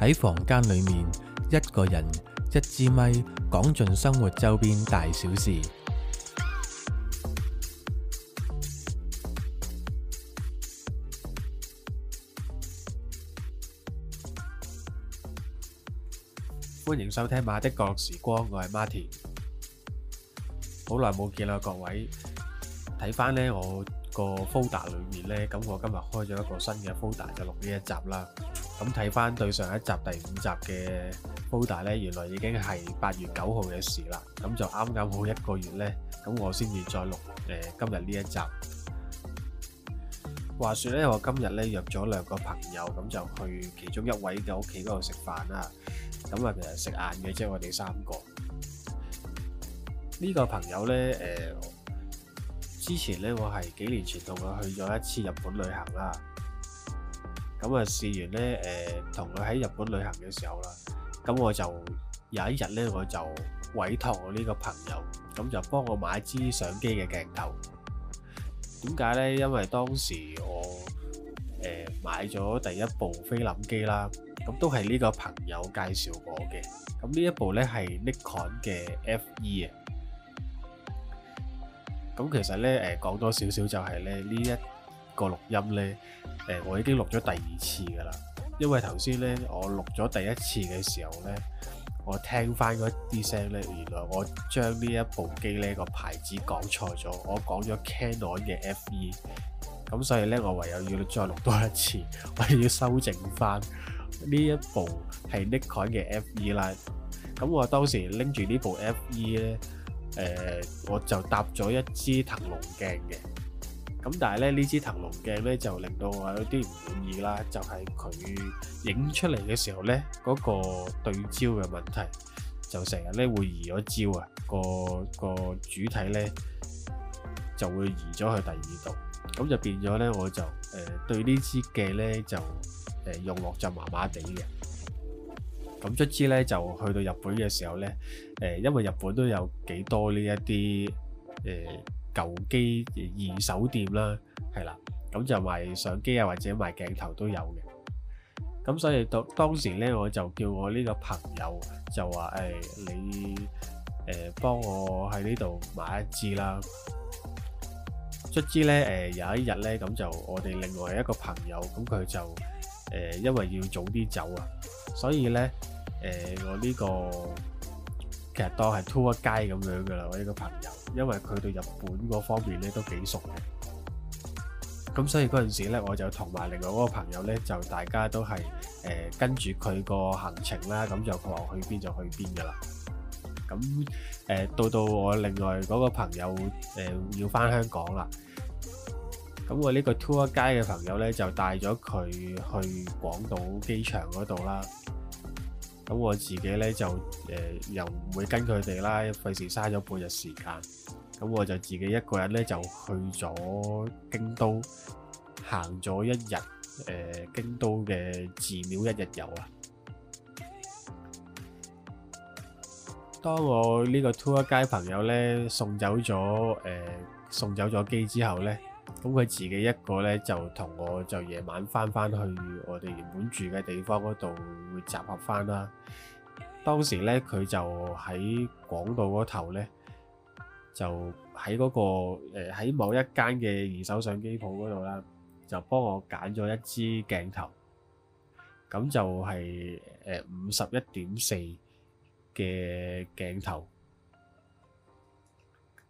喺房間裏面，一個人一支咪，講盡生活周邊大小事。歡迎收聽《馬的角落時光》，我係 Martin，好耐冇見啦，各位。睇翻呢我個 folder 裏面呢，咁我今日開咗一個新嘅 folder，就錄呢一集啦。咁睇翻對上一集第五集嘅 Podcast 咧，原來已經係八月九號嘅事啦。咁就啱啱好一個月呢，咁我先至再錄誒、呃、今日呢一集。話説呢，我今日呢約咗兩個朋友，咁就去其中一位嘅屋企嗰度食飯啦。咁啊，其實食晏嘅啫，我哋三個。呢、這個朋友呢，呃、之前咧，我係幾年前同佢去咗一次日本旅行啦。咁啊，試完咧，誒，同佢喺日本旅行嘅時候啦，咁我就有一日咧，我就委託我呢個朋友，咁就幫我買支相機嘅鏡頭。點解咧？因為當時我誒買咗第一部菲林機啦，咁都係呢個朋友介紹我嘅。咁呢一部咧係 Nikon 嘅 FE 啊。咁其實咧，誒講多少少就係咧呢一。個錄音咧，誒，我已經錄咗第二次㗎啦。因為頭先咧，我錄咗第一次嘅時候咧，我聽翻嗰啲聲咧，原來我將呢一部機咧個牌子講錯咗，我講咗 Canon 嘅 FE。咁所以咧，我唯有要再錄多一次，我要修正翻呢一部係 Nikon 嘅 FE 啦。咁我當時拎住呢部 FE 咧，誒、呃，我就搭咗一支騰龍鏡嘅。咁但係咧，呢支騰龍鏡咧就令到我有啲唔滿意啦，就係佢影出嚟嘅時候咧，嗰個對焦嘅問題，就成日咧會移咗焦啊，個個主體咧就會移咗去第二度，咁就變咗咧，我就誒對呢支鏡咧就誒用落就麻麻地嘅，咁卒之咧就去到日本嘅時候咧，誒因為日本都有幾多呢一啲誒。舊機二手店啦，係啦，咁就賣相機啊，或者賣鏡頭都有嘅。咁所以當當時咧，我就叫我呢個朋友就話：誒，你誒幫我喺呢度買一支啦。卒之咧，誒有一日咧，咁就我哋另外一個朋友，咁佢就誒因為要早啲走啊，所以咧，誒我呢個。其實當係 tour guide 咁樣噶啦，我呢個朋友，因為佢對日本嗰方面咧都幾熟嘅，咁所以嗰陣時咧我就同埋另外嗰個朋友咧就大家都係誒、呃、跟住佢個行程啦，咁就佢話去邊就去邊噶啦。咁誒、呃、到到我另外嗰個朋友誒、呃、要翻香港啦，咁我呢個 tour guide 嘅朋友咧就帶咗佢去廣島機場嗰度啦。咁我自己咧就誒又唔會跟佢哋啦，費事嘥咗半日時間。咁我就自己一個人咧就去咗京都，行咗一日誒京都嘅寺廟一日遊啊！當我呢個 tourist 街朋友咧送走咗誒送走咗機之後咧。咁佢自己一個咧，就同我就夜晚翻翻去我哋原本住嘅地方嗰度會集合翻啦。當時咧，佢就喺廣島嗰頭咧，就喺嗰、嗰個喺、呃、某一間嘅二手相機鋪嗰度啦，就幫我揀咗一支鏡頭，咁就係誒五十一點四嘅鏡頭。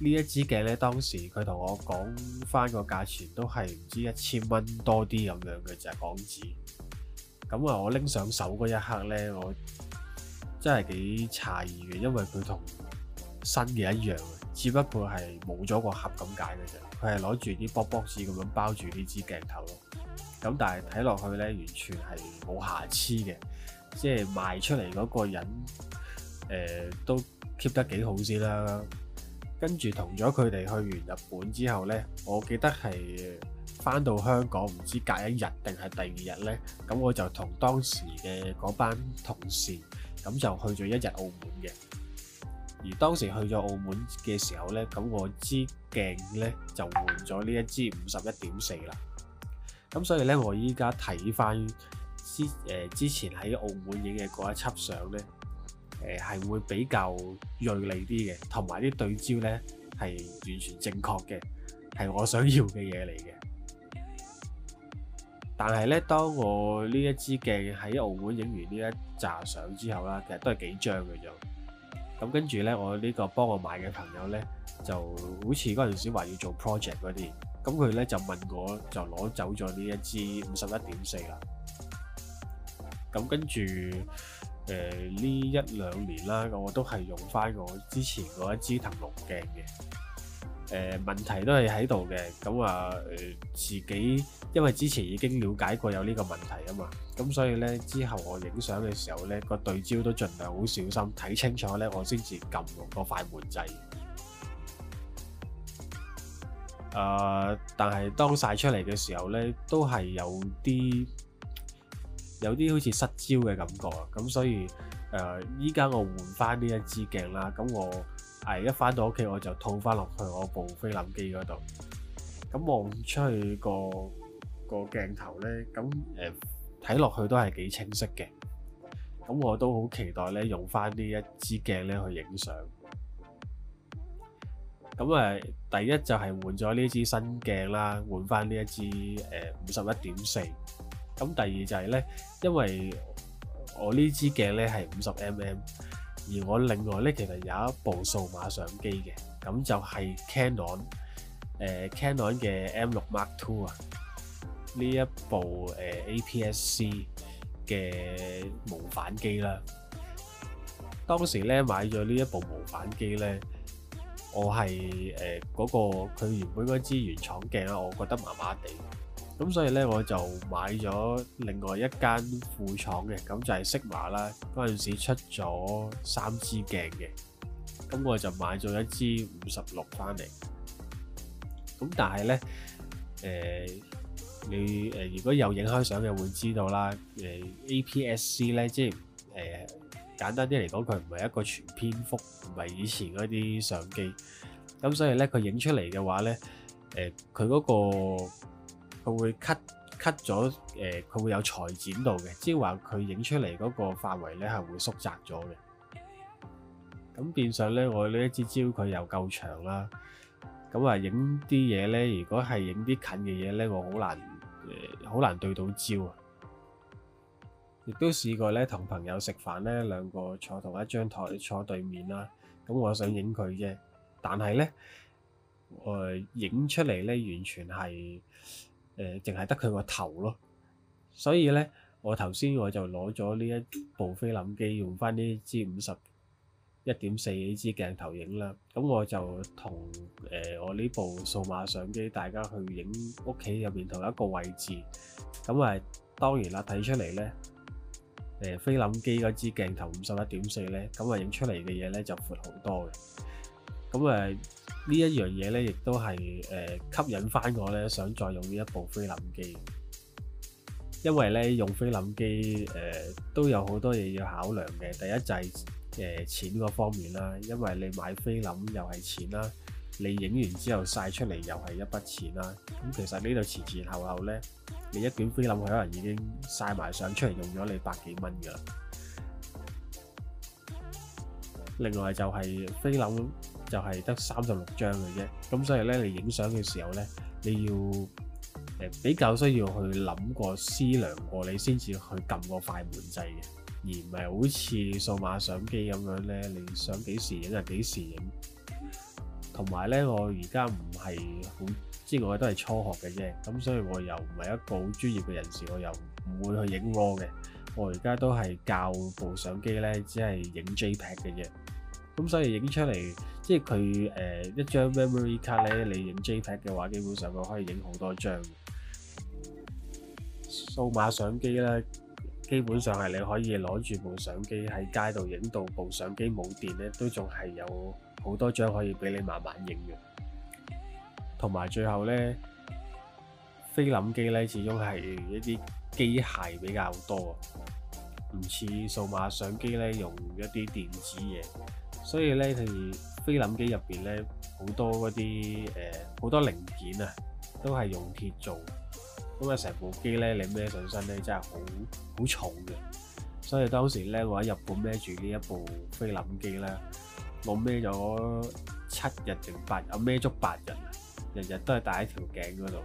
呢一支鏡咧，當時佢同我講返個價錢都係唔知一千蚊多啲咁樣嘅，就係港紙。咁啊，我拎上手嗰一刻咧，我真係幾詫異嘅，因為佢同新嘅一樣，只不過係冇咗個盒咁解嘅啫。佢係攞住啲卜卜紙咁樣包住呢支鏡頭咯。咁但係睇落去咧，完全係冇瑕疵嘅，即係賣出嚟嗰個人誒、呃、都 keep 得幾好先啦。跟住同咗佢哋去完日本之後呢，我記得係翻到香港，唔知隔一日定係第二日呢。咁我就同當時嘅嗰班同事咁就去咗一日澳門嘅。而當時去咗澳門嘅時候呢，咁我支鏡呢就換咗呢一支五十一點四啦。咁所以呢，我依家睇翻之誒之前喺澳門影嘅嗰一輯相呢。誒係會比較銳利啲嘅，同埋啲對焦咧係完全正確嘅，係我想要嘅嘢嚟嘅。但係咧，當我呢一支鏡喺澳門影完呢一紮相之後啦，其實都係幾張嘅啫。咁跟住咧，我呢個幫我買嘅朋友咧，就好似嗰陣時話要做 project 嗰啲，咁佢咧就問我就攞走咗呢一支五十一點四啦。咁跟住。誒，呢、呃、一兩年啦，我都係用翻我之前嗰一支騰龍鏡嘅。誒、呃，問題都係喺度嘅。咁啊、呃，自己因為之前已經了解過有呢個問題啊嘛，咁所以咧之後我影相嘅時候咧，個對焦都盡量好小心，睇清楚咧，我先至撳用個快門掣。誒、呃，但係當晒出嚟嘅時候咧，都係有啲。有啲好似失焦嘅感覺啊，咁所以誒，依家我換翻呢一支鏡啦，咁我係一翻到屋企我就套翻落去我部菲林機嗰度，咁望出去個、嗰個鏡頭咧，咁誒睇落去都係幾清晰嘅，咁我都好期待咧用翻呢一支鏡咧去影相，咁誒、呃、第一就係換咗呢支新鏡啦，換翻呢一支誒五十一點四。呃咁第二就係、是、咧，因為我呢支鏡咧係五十 mm，而我另外咧其實有一部數碼相機嘅，咁就係 Can、呃、Canon，誒 Canon 嘅 M 六 Mark Two 啊，呢一部誒、呃、APS-C 嘅無反機啦。當時咧買咗呢一部無反機咧，我係誒嗰個佢原本嗰支原廠鏡啊，我覺得麻麻地。咁所以咧，我就買咗另外一間副廠嘅，咁就係適馬啦。嗰陣時出咗三支鏡嘅，咁我就買咗一支五十六返嚟。咁但係咧，誒你誒，如果有影開相嘅會知道啦。誒 APS-C 咧，即係誒簡單啲嚟講，佢唔係一個全片幅，唔係以前嗰啲相機。咁所以咧，佢影出嚟嘅話咧，誒佢嗰個。佢會 cut cut 咗誒，佢、呃、會有裁剪到嘅，即係話佢影出嚟嗰個範圍咧係會縮窄咗嘅。咁變相咧，我呢一支焦佢又夠長啦。咁啊，影啲嘢咧，如果係影啲近嘅嘢咧，我好難誒，好、呃、難對到焦啊。亦都試過咧，同朋友食飯咧，兩個坐同一張台坐對面啦、啊。咁我想影佢啫，但係咧，誒、呃、影出嚟咧完全係～誒，淨係得佢個頭咯，所以咧，我頭先我就攞咗呢一部菲林機，用翻呢支五十一點四呢支鏡頭影啦。咁、嗯、我就同誒，我呢部數碼相機，大家去影屋企入面同一個位置。咁、嗯、啊，當然啦，睇出嚟咧，誒、呃、菲林機嗰支鏡頭五十一點四咧，咁啊影出嚟嘅嘢咧就闊好多嘅。咁誒呢一樣嘢咧，亦都係誒、呃、吸引翻我咧，想再用呢一部菲林機。因為咧用菲林機誒都有好多嘢要考量嘅。第一就係誒錢嗰方面啦，因為你買菲林又係錢啦，你影完之後晒出嚟又係一筆錢啦。咁其實呢度前前後後咧，你一卷菲林可能已經晒埋相出嚟用咗你百幾蚊噶啦。另外就係菲林就係得三十六張嘅啫，咁所以咧你影相嘅時候咧，你要誒比較需要去諗過、思量過，你先至去撳個快門掣嘅，而唔係好似數碼相機咁樣咧，你想幾時影就幾時影。同埋咧，我而家唔係好知，我都係初學嘅啫，咁所以我又唔係一個好專業嘅人士，我又唔會去影 RAW 嘅，我而家都係教部相機咧，只係影 JPEG 嘅啫。咁、嗯、所以影出嚟，即係佢誒一張 memory card 咧。你影 JPEG 嘅話，基本上佢可以影好多張。數碼相機咧，基本上係你可以攞住部相機喺街度影到部相機冇電咧，都仲係有好多張可以俾你慢慢影嘅。同埋最後咧，菲林機咧，始終係一啲機械比較多，唔似數碼相機咧，用一啲電子嘢。所以咧，佢菲林機入邊咧，好多嗰啲誒好多零件啊，都係用鐵做。咁啊，成部機咧，你孭上身咧，真係好好重嘅。所以當時咧，我喺日本孭住呢一部菲林機咧，我孭咗七日定八日，孭足八日，日日都係戴喺條頸嗰度。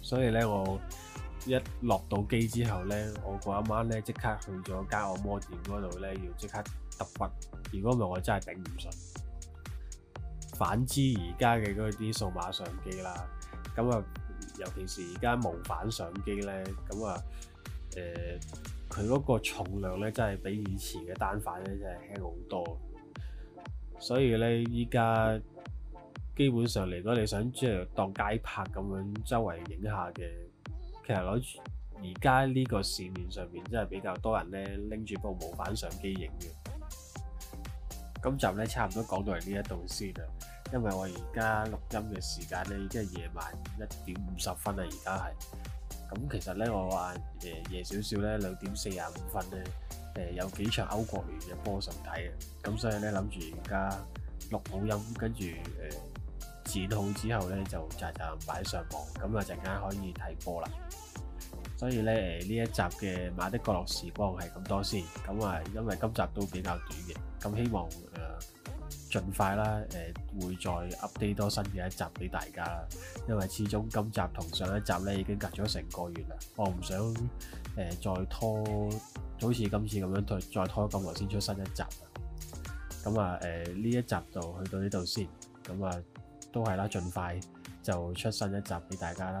所以咧，我一落到機之後咧，我嗰一晚咧即刻去咗間按摩店嗰度咧，要即刻。特筆，如果唔係我真係頂唔順。反之，而家嘅嗰啲數碼相機啦，咁啊，尤其是而家無反相機咧，咁啊，誒、呃，佢嗰個重量咧，真係比以前嘅單反咧，真係輕好多。所以咧，依家基本上嚟講，果你想即係當街拍咁樣周圍影下嘅，其實攞住而家呢個市面上面真係比較多人咧拎住部無反相機影嘅。今集咧差唔多講到嚟呢一度先啦，因為我而家錄音嘅時間咧已經係夜晚，、嗯呃、晚一點五十分啦，而家係。咁其實咧我話誒夜少少咧兩點四十五分咧誒有幾場歐國聯嘅波想睇嘅，咁、嗯、所以咧諗住而家錄好音，跟住誒剪好之後咧就就就擺上網，咁啊陣間可以睇波啦。所以咧，誒呢一集嘅馬的角落時光係咁多先，咁啊，因為今集都比較短嘅，咁希望誒、啊、盡快啦，誒會再 update 多新嘅一集俾大家。因為始終今集同上一集咧已經隔咗成個月啦，我唔想誒、啊、再拖，就好似今次咁樣，再再拖咁耐先出新一集。咁啊，誒、啊、呢一集就到去到呢度先，咁啊都係啦，盡快就出新一集俾大家啦。